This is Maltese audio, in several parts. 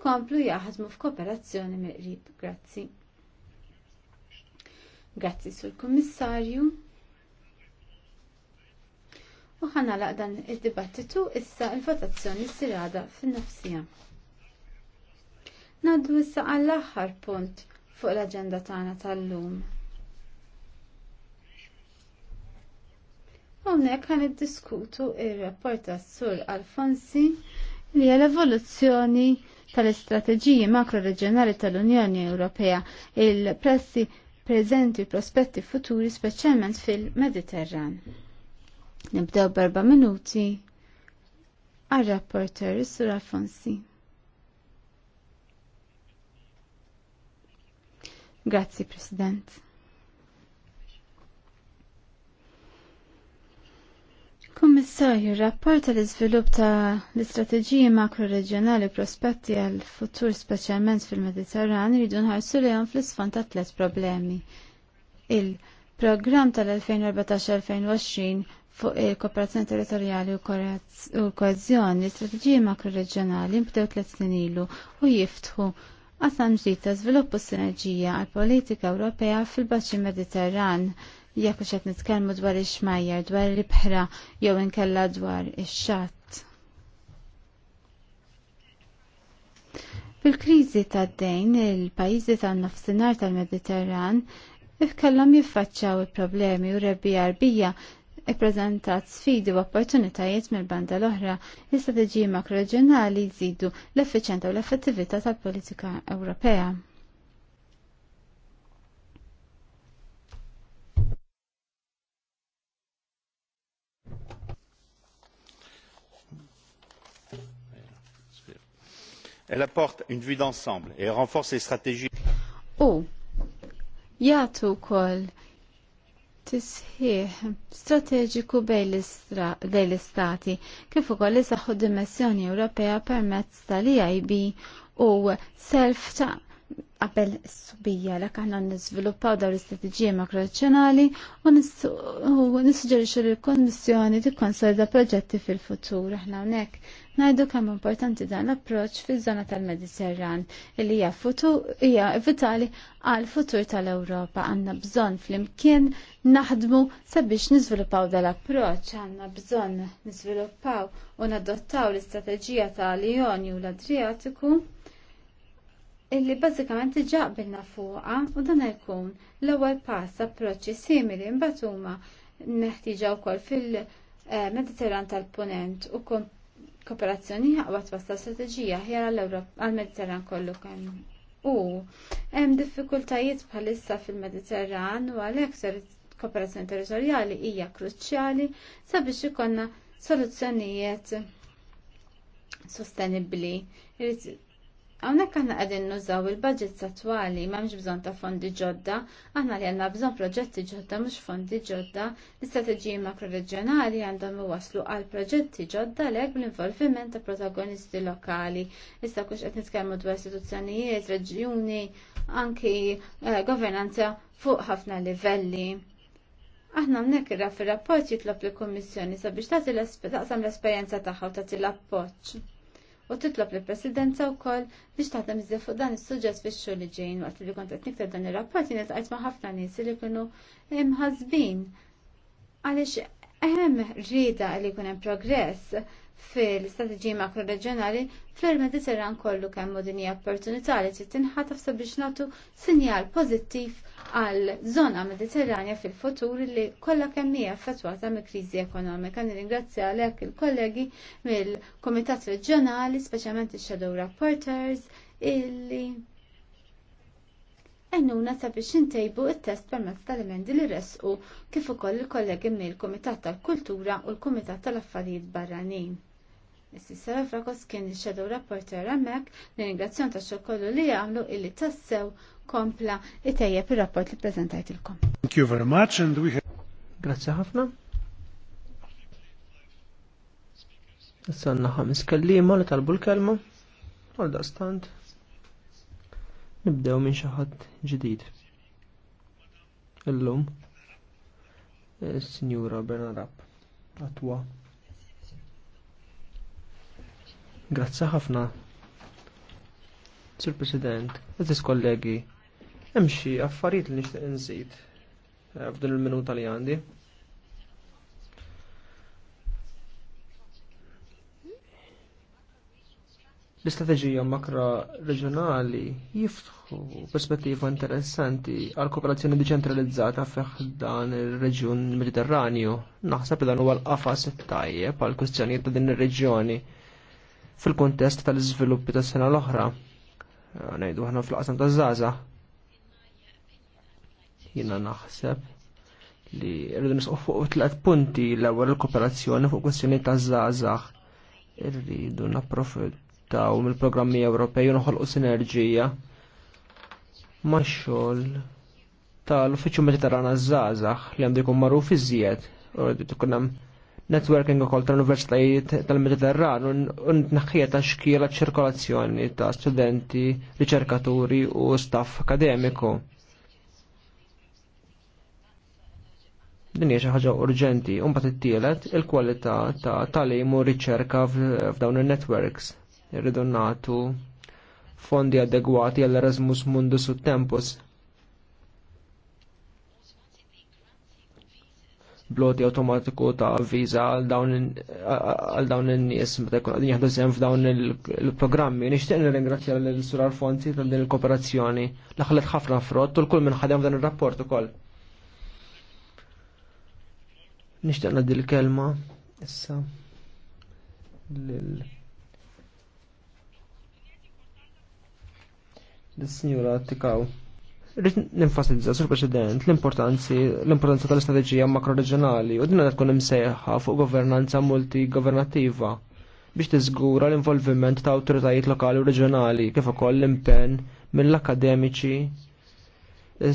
ikomplu jaħdmu f'kooperazzjoni mill-qrib. Grazzi. Grazzi sul kummissarju U ħana laqdan id-dibattitu issa il-votazzjoni s-sirada fin-nofsija. Naddu issa għall-aħħar punt fuq l-agenda tagħna tal-lum. Hawnhekk ħan iddiskutu ir-rapport tas-Sur Alfonsi li l-evoluzzjoni tal-istrateġiji makroreġjonali tal-Unjoni Ewropea il-pressi preżenti u prospetti futuri speċjalment fil-Mediterran. Nibdew berba minuti għal-rapporter Sur Alfonsi. Grazzi, President. Kummissarju, rapport tal-iżvilupp ta' l-istrateġiji makro-reġjonali prospetti għal futur speċjalment fil-Mediterran rridu nħarsu li fl-isfond ta' tliet problemi. Il-programm tal-2014-2020 fuq il-kooperazzjoni territorjali u l-koeżjoni, l-istrateġiji makroreġjonali mbdew tliet snin ilu u jiftħu qasam ġdid ta' u sinerġija għal politika Ewropea fil baċi Mediterran jekk qed nitkellmu dwar ix-xmajjar, dwar il-bħra jew inkella dwar ix-xatt. Fil-kriżi tad-dejn, il-pajjiżi tan-nofsinhar tal-Mediterran ifkellhom jiffaċċjaw il-problemi u rebbi għarbija ippreżentat sfidi u opportunitajiet mill-banda l-oħra l-istrateġiji makroreġjonali jżidu l-effiċjenza u l-effettività tal-politika Ewropea. Elle apporte une vue d'ensemble et renforce les stratégies. U jagħtu wkoll tisħiħ strateġiku bejn l-istati kif ukoll isaħħu dimensjoni Ewropea permezz tal-EIB u self ta' qabel subija li aħna nizviluppaw dawn l-istrateġija makroċjonali u nissuġġerixxu li l-Kommissjoni tikkonsolida proġetti fil-futur. Aħna hawnhekk Najdu kemm importanti dan l-approċ fi żona tal-Mediterran illi hija hija vitali għal futur tal-Ewropa. Għandna bżonn flimkien naħdmu sabiex niżviluppaw dan l-approċ, għandna bżonn niżviluppaw u nadottaw l-istrateġija tal-Jonju l-Adriatiku illi bazzikament ġaqbilna fuqa u dan jkun l-ewwel pass approċċi simili mbagħad huma neħtieġa wkoll fil-Mediterran eh, tal-Punent u kooperazzjoni ħaqbat wasta strateġija ħjar għal-Mediterran kollu kemm. U hemm diffikultajiet bħalissa fil-Mediterran u għalhekk kooperazzjoni territorjali hija kruċjali sabiex ikonna soluzzjonijiet sostenibbli. Għawnek għanna għadin nużaw il-budget attwali ma mx bżon ta' fondi ġodda, għanna li għanna bżon proġetti ġodda mux fondi ġodda, l-istrateġiji makroreġjonali għandhom waslu għal proġetti ġodda lek bl-involviment ta' protagonisti lokali. Issa kux qed nitkellmu dwar istituzzjonijiet, reġjuni, anki eh, governanza fuq ħafna livelli. Aħna mnek ir-rapport jitlob l-Kommissjoni sabiex tagħti l-esperjenza tagħha u tagħti l-appoġġ u titlob lill presidenza wkoll biex taħdem iżda fuq dan is-suġġett fix-xhur li ġejjin waqt li kont qed niktab dan ir-rapport jien qed ma' ħafna nies li kienu imħazbin għaliex hemm rrida li jkun hemm progress fil-strateġija makroreġjonali fl-Mediterran kollu kemm din hija opportunità li trid sabiex nagħtu sinjal pożittiv għal żona Mediterranja fil-futur li kollha kemm hija affettwata mill kriżi ekonomika. Nirringrazzja għalhekk il-kollegi mill-Kumitat Reġjonali, speċjalment ix-Shadow Rapporters, illi għennuna sabiex intejbu il-test permezz tal-emendi li resqu kif ukoll il-kollegi mill kumitat tal-Kultura u l-Kumitat tal-Affarijiet Barranin. Is-sissar Frakos kien il-Shadow Rapporter għamek li ringrazzjon ta' xokollu li għamlu illi tassew kompla tejjeb il-rapport li prezentajtilkom. Thank you very much and we have... Grazie ħafna. Sanna ħames kellima li talbu l-kelma. Għal-dastant nibdew minn xi ħadd ġdid. Illum is-Sinjura Bernarab Atwa. Grazzi ħafna. Sur President, eżis kollegi, hemm xi affarijiet li nixtieq nżid eh, f'din il-minuta li għandi. l-istrateġija makra reġjonali jiftħu perspettiva interessanti għal kooperazzjoni deċentralizzata feħ dan ir-reġjun Mediterranju. Naħseb dan huwa l-qafas tajjeb għal kwistjonijiet ta' din ir-reġjoni fil-kuntest tal-iżviluppi tas-sena l-oħra. Ngħidu aħna fl qasam ta' żaża. Jiena naħseb li rridu nisqu fuq tliet punti l-ewwel il-kooperazzjoni fuq kwistjoni ta' żgħażagħ irridu napprofit jibbenefitaw mill-programmi Ewropej u noħolqu sinerġija max-xogħol tal-Uffiċċju Mediterrana żgħażagħ li għandu jkun magħruf iżjed u tkun hemm networking ukoll tal-Universitajiet tal-Mediterran u tnaħħija ta' xkiela ċirkolazzjoni ta' studenti, riċerkaturi u staff akademiku. din hija xi ħaġa urġenti. Imbagħad it-tielet il-kwalità ta' tagħlim u riċerka f'dawn in-networks irridu fondi adegwati għall Erasmus Mundus u Tempus. Bloti automatiku ta' viza għal dawn in-nies meta jkun qegħdin jaħdu sehem f'dawn il-programmi. Nixtieq nirringrazzja lill Sur Alfonsi ta' din il-kooperazzjoni li ħallet ħafna frott u l-kull minn ħadem dan ir-rapport ukoll. Nixtieq ngħaddi l-kelma issa lil l-Sinjura Tikaw. Rrit ninfassilizza, Sur President, l-importanza tal-istrateġija makroreġjonali u dinna tkun imsejħa fuq governanza multigovernattiva biex tiżgura l-involviment ta' awtoritajiet lokali u reġjonali kif ukoll l-impenn mill-akademiċi,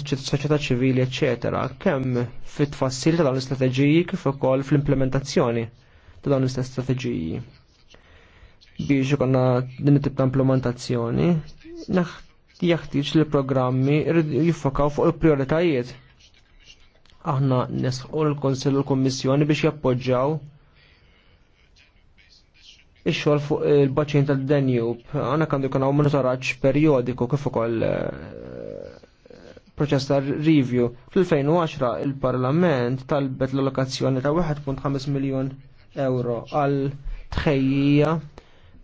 soċjetà ċivili, ecc. kemm fit-tfassil ta' dawn l-istrateġiji kif ukoll fl-implementazzjoni ta' dawn l-istess strateġiji biex ikonna din it-tip ta' implementazzjoni, jaħtieġ li programmi jiffokaw fuq il-prioritajiet. Aħna nesħu l-Konsell u l-Kommissjoni biex jappoġġaw ix-xogħol fuq il-baċin tad denjub Aħna kandu jkun hawn monitoraġġ perjodiku kif ukoll eh, proċess ta' review. Fl-2010 il-Parlament talbet l-allokazzjoni ta' 1.5 miljon euro għal tħejjija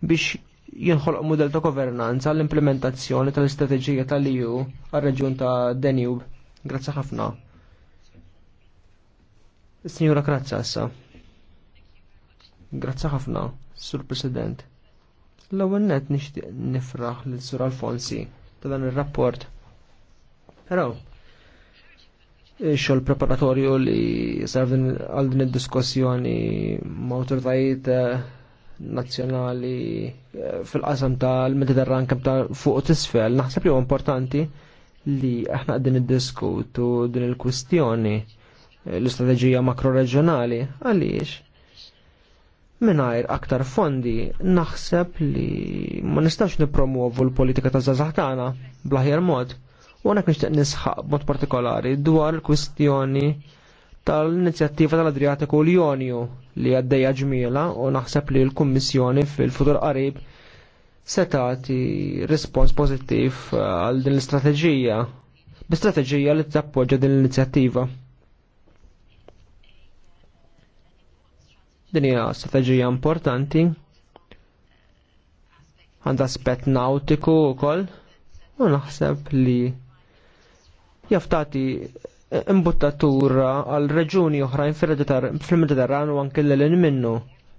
biex jinħolq mudell ta' governanza l-implementazzjoni tal-istrateġija tal-EU għal-reġjun ta' Danube. Grazzi ħafna. Signora Krazzassa. Grazzi ħafna, Sur President. L-ewwel net nixtieq nifraħ lil Sur Alfonsi ta' dan ir-rapport. Però xogħol preparatorju li sar għal din id-diskussjoni ma' awtoritajiet eh, nazzjonali eh, fil-qasam tal-Mediterran kem ta' fuq tisfel, naħseb li huwa importanti li aħna qegħdin iddiskutu din il-kwistjoni eh, l-istrateġija makroreġjonali għaliex mingħajr aktar fondi naħseb li ma nistax nippromovu l-politika ta' bl blaħjar mod u għanak nixtieq nisħaq mod partikolari dwar il-kwistjoni tal-inizjattiva tal-Adriatiku l-Jonju li għaddeja ġmiela u naħseb li l-Kummissjoni fil-futur qarib se tagħti rispons pożittiv eh, għal din l-istrateġija bi-strateġija li tappoġġa din l-inizjattiva. Din hija strateġija importanti għandha aspett nautiku wkoll u naħseb li jaftati imbuttatura għal reġuni oħrajn fil-Mediterran u anke l-lin minnu.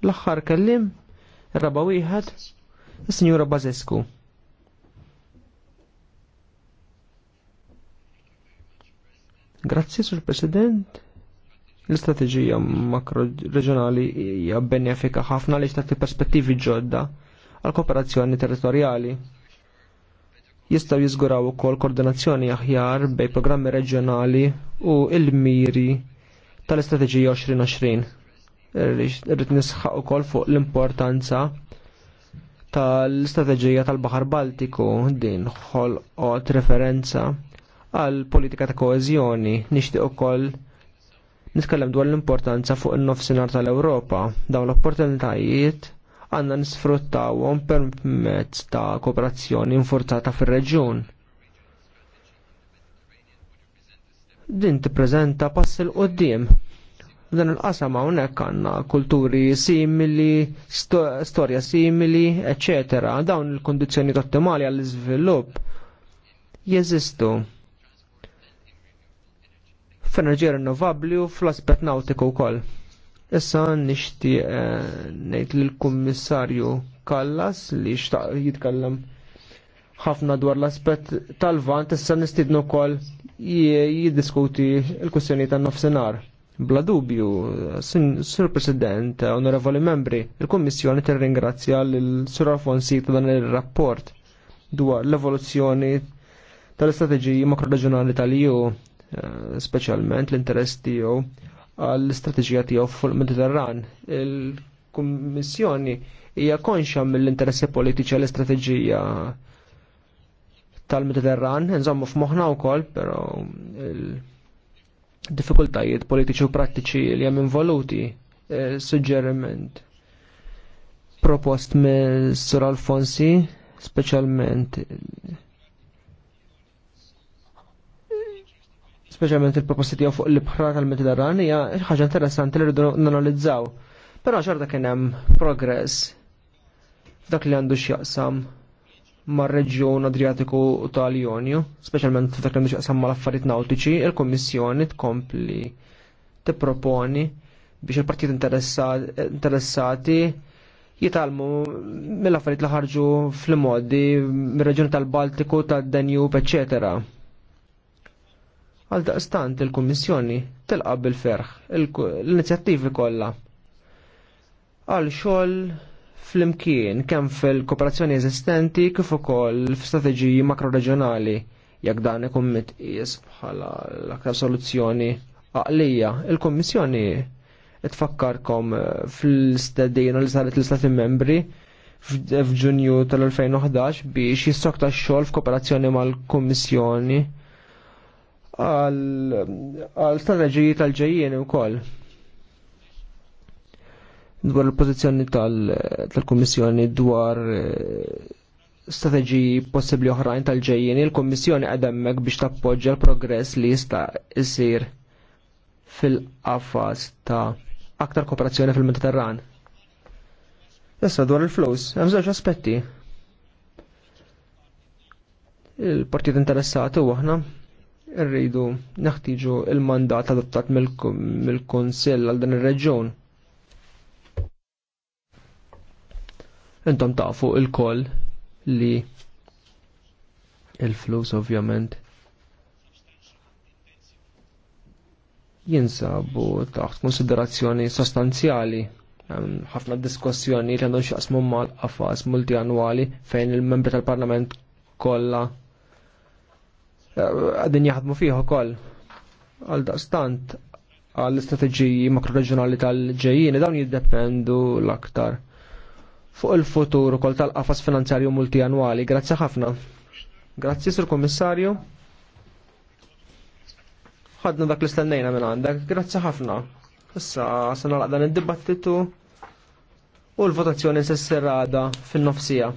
L-axħar kellim, raba wieħed, is-Sinjura Bazescu. Grazzi, Sur President. L-istrateġija makro-reġjonali hija benefika ħafna li tagħti perspettivi ġodda għal kooperazzjoni territorjali jistaw jizguraw ukoll koordinazzjoni aħjar bej programmi reġjonali u il-miri tal-Istrateġija 2020. Irrid nisħaq ukoll fuq l-importanza tal-Istrateġija tal-Baħar Baltiku din ot referenza għal politika ta' koeżjoni nixtieq ukoll niskallem dwar l-importanza fuq in-nofsinhar tal-Ewropa dawn l-opportunitajiet għandna nisfruttawhom permezz ta' kooperazzjoni infurzata fir-reġjun. Din tippreżenta pass il qoddim dan il-qasam hawnhekk għandna kulturi simili, storja simili, eċetera. Dawn il-kondizzjoni ottimali għall-iżvilupp jeżistu f'enerġija rinnovabbli u fl-aspett nautiku wkoll. Issa nixtieq eh, ngħid lill-Kummissarju Kallas li xtaq jitkellem ħafna dwar l-aspett tal-vant issa nistidnu wkoll jiddiskuti l kussjoni tan-nofsinhar. Bla dubju, Sir President, onorevoli membri, il-Kommissjoni tirringrazzja l-Sur Alfonsi ta' dan il-rapport dwar l-evoluzzjoni tal-istrateġiji makroreġjonali tal-EU, eh, speċjalment l-interess tiegħu għall-istrateġija tiegħu fuq il-Mediterran. Il-Kummissjoni hija konxja mill-interessi politiċi għall-istrateġija tal-Mediterran, nżommu f'moħħna wkoll, però il-diffikultajiet politiċi u prattiċi li hemm involuti eh, suġġeriment propost me Sur Alfonsi, speċjalment specialment il-proposti tiegħu fuq l-ibħra tal mediterranija hija ħaġa interessanti li rridu nanalizzaw. Però ċarta kien hemm progress f'dak li għandu x'jaqsam mar-reġjun Adriatiku tal-Jonju, speċjalment f'dak li għandu x'jaqsam mal-affarijiet nautiċi, il-Kummissjoni tkompli tipproponi biex il-partit interessati jitalmu mill-affarijiet li ħarġu fl-modi mir-reġjun tal-Baltiku, tad-Danjub, eċċetera Għal daqstant il-Kummissjoni tilqa bil-ferħ l-inizjattivi kollha għal xogħol fl-imkien kemm fil-kooperazzjoni eżistenti kif ukoll f'strateġiji makroreġjonali jekk dan ikun mitqies bħala l-aktar soluzzjoni għaqlija. Il-Kummissjoni tfakkarkom fl istedin li saret l-Istati membri f'Ġunju tal-2011 biex jistokta xogħol f'kooperazzjoni mal-Kummissjoni għal strateġiji tal u koll Dwar il-pożizzjoni tal-Kummissjoni dwar eh, strateġiji possibbli oħrajn tal ġejjeni il-Kummissjoni għademmek biex tappoġġja l-progress li jista' jisir fil-qafas ta' aktar kooperazzjoni fil-Mediterran. Issa dwar il-flus, hemm żewġ aspetti. Il-partit interessati u aħna rridu naħtiġu il-mandat adottat mill-Konsill għal dan ir-reġjun. Intom tafu il-koll li il-flus ovvjament jinsabu taħt konsiderazzjoni sostanzjali ħafna diskussjoni li għandhom xaqsmu mal-qafas multianwali fejn il-membri tal-parlament kollha għadin jaħdmu fih ukoll għal daqstant għall istrateġiji makroreġjonali tal-ġejjini dawn jiddependu l-aktar fuq il-futur ukoll tal-qafas finanzjarju multijanwali. Grazzi ħafna. Grazzi sur kommissarju. Ħadna dak l-istennejna minn għandek. Grazzi ħafna. Issa se nagħlaq dan id-dibattitu u l-votazzjoni s ssir fin-nofsija.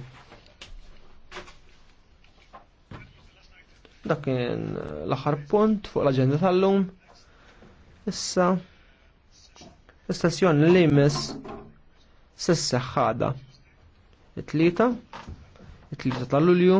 Dak kien l-aħħar punt fuq l-aġenda tal-lum. Issa l-istazzjoni li jmiss s-sessi ħada. It-tlieta, it-tlieta tal-Lulju,